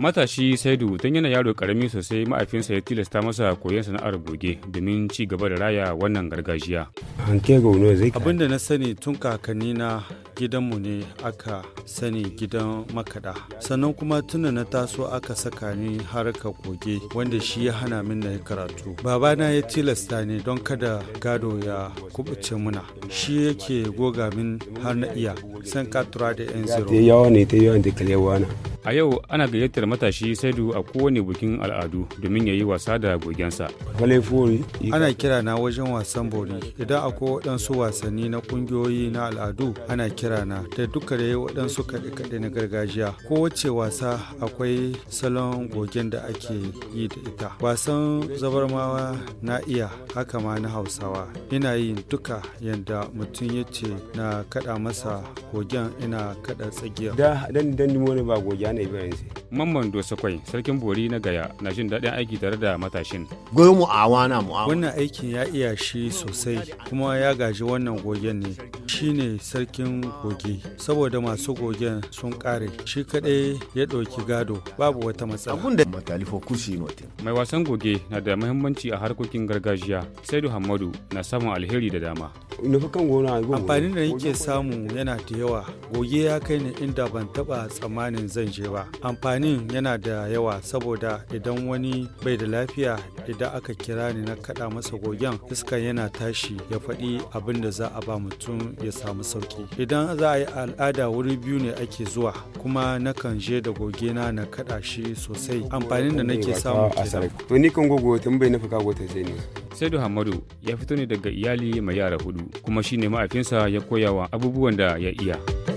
matashi saidu tun yana yaro karami sosai ma'aifinsa ya tilasta masa koyon sana'ar goge domin ci gaba da raya wannan gargajiya abin da na sani tun kakanni na gidanmu ne aka sani gidan makada sannan kuma tun na taso aka saka ni harka goge wanda shi ya hana min na karatu babana ya tilasta ne don kada gado ya kubuce muna shi yake goga min har na iya san katura da yan zero A yau ana gayyatar matashi Saidu a kowane bikin al'adu domin ya yi wasa da gogensa. Ana kira na wajen wasan bori idan akwai waɗansu wasanni na ƙungiyoyi na al'adu ana kira na da duka da waɗansu kaɗe-kaɗe na gargajiya. Kowace wasa akwai salon gogen da ake yi da ita. Wasan zabarmawa na iya haka ma na Hausawa. Ina yin duka yadda mutum ya ce na kaɗa masa gogen ina kaɗa tsagiya. Da dan dan ba gogen ne yanzu. Mamman Dosakwai, sarkin Bori na Gaya, na jin daɗin aiki tare da matashin. Goyo mu wana mu Wannan aikin ya iya shi sosai kuma ya gaji wannan gogen ne. Shi ne sarkin goge, saboda masu gogen sun ƙare. Shi kaɗai ya ɗauki gado, babu wata matsala. Mai wasan goge na da muhimmanci a harkokin gargajiya. Saidu Hamadu na samun alheri da dama. amfanin da nake samu yana da yawa goge ya kai ni inda ban taba tsammanin zan je ba amfanin yana da yawa saboda idan wani bai da lafiya idan aka kira ni na kada masa gogen iska yana tashi ya faɗi abin da za a ba mutum ya samu sauki idan za a yi al'ada wuri biyu ne ake zuwa kuma na kan je da goge na na kada shi sosai amfanin da nake samu kenan to ni kan gogo tun bai nufi kago ta ne Saidu Hamadu ya fito ne daga iyali mai yara hudu kuma shine mahaifinsa ya koya wa abubuwan da ya iya.